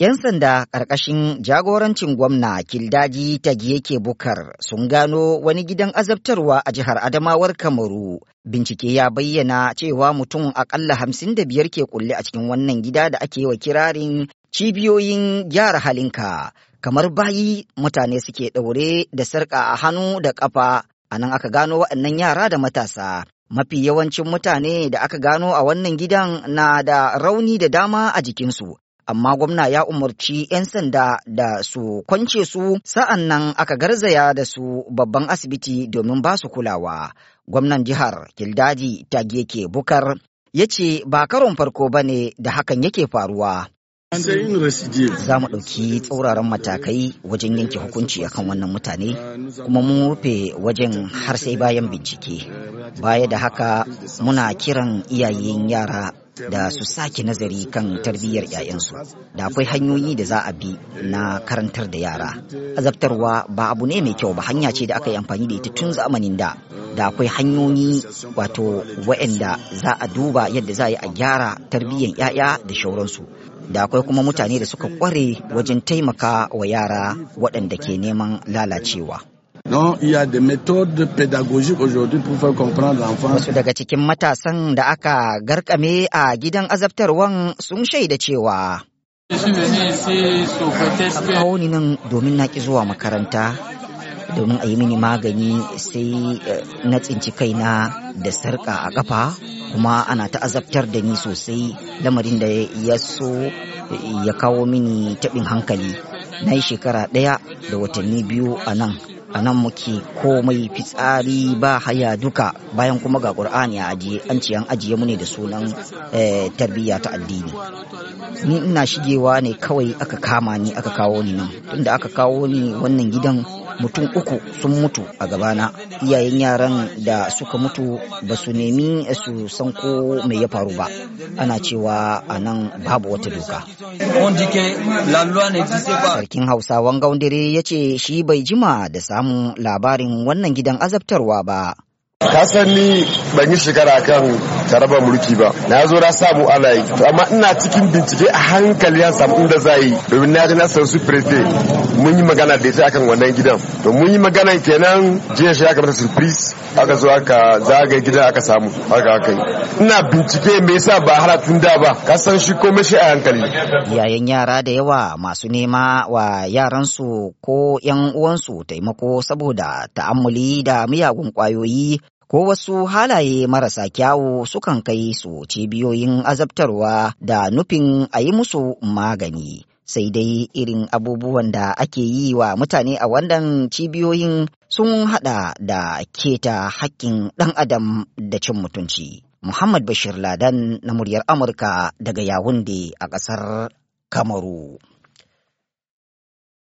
'Yan sanda ƙarƙashin jagorancin gwamna Kildaji ta Tagiyeke Bukar sun gano wani gidan azabtarwa a jihar Adamawar Kamaru. Bincike ya bayyana cewa mutum aƙalla hamsin da biyar ke kulle a cikin wannan gida da ake wa kirarin cibiyoyin gyara halinka. Kamar bayi mutane suke ɗaure da sarƙa a hannu da ƙafa, a nan aka gano waɗannan yara da matasa. Mafi yawancin mutane da aka gano a wannan gidan na da rauni da dama a jikinsu, amma gwamna ya umarci 'yan sanda da su kwance su sa'an nan aka garzaya da su babban asibiti domin ba su kulawa. Gwamnan jihar Kildaji geke Bukar ya ce ba karon farko ba ne da hakan yake faruwa. Za mu ɗauki tsauraran matakai wajen yanke hukunci akan wannan mutane kuma mun rufe wajen har sai bayan bincike. Baya da haka muna kiran iyayen yara da su sake nazari kan tarbiyyar 'ya'yansu da akwai hanyoyi da za a bi na karantar da yara azabtarwa ba abu ne mai kyau ba hanya ce da aka yi amfani da ita tun zamanin da da akwai hanyoyi wato wa'anda za a duba yadda za a yi a gyara tarbiyyar 'ya'ya da shauransu da akwai kuma mutane da suka kware wajen taimaka wa yara waɗanda ke neman lalacewa Non, il y a des méthodes pédagogiques aujourd'hui pour faire comprendre l'enfant. Wasu daga cikin matasan da aka garkame a gidan azabtarwan sun shaida cewa. Kawo nan domin na ki zuwa makaranta, domin a yi mini magani sai eh, na tsinci kaina da sarƙa a ƙafa, kuma ana ta azabtar da ni sosai lamarin da ya so ya kawo mini taɓin hankali. na yi shekara ɗaya da watanni biyu a nan a nan muke komai fitsari ba haya duka bayan kuma ga ƙur'ani a ajiye an ce an ajiye mu ne da sunan eh, tarbiyya ta addini ni ina shigewa ne kawai aka kama ni aka kawo ni nan tunda aka kawo ni wannan gidan mutum uku sun mutu a gabana iyayen yaran da suka mutu ba su nemi su san ko mai ya faru ba ana cewa a nan babu wata doka sarkin hausawan gaundare ya ce shi bai jima da samun labarin wannan gidan azabtarwa ba ka san ni ban yi shekara kan taraba mulki ba na zo na samu ana yi amma ina cikin bincike a hankali an samu inda za yi domin na na san su prefe mun yi magana da ita akan wannan gidan to mun yi magana kenan jiya shi aka mata surprise aka zo aka zaga gidan aka samu aka haka ina bincike me yasa ba har tun da ba ka san shi komai shi a hankali yayin yara da yawa masu nema wa yaransu ko yan uwansu taimako saboda ta'ammuli da miyagun kwayoyi ko wasu halaye marasa kyawu sukan kai su cibiyoyin azabtarwa da nufin a yi musu magani. Sai dai irin abubuwan da ake yi wa mutane a wannan cibiyoyin sun hada da keta hakkin ɗan adam da cin mutunci. Muhammad Bashir Ladan na muryar Amurka daga yawun a ƙasar Kamaru.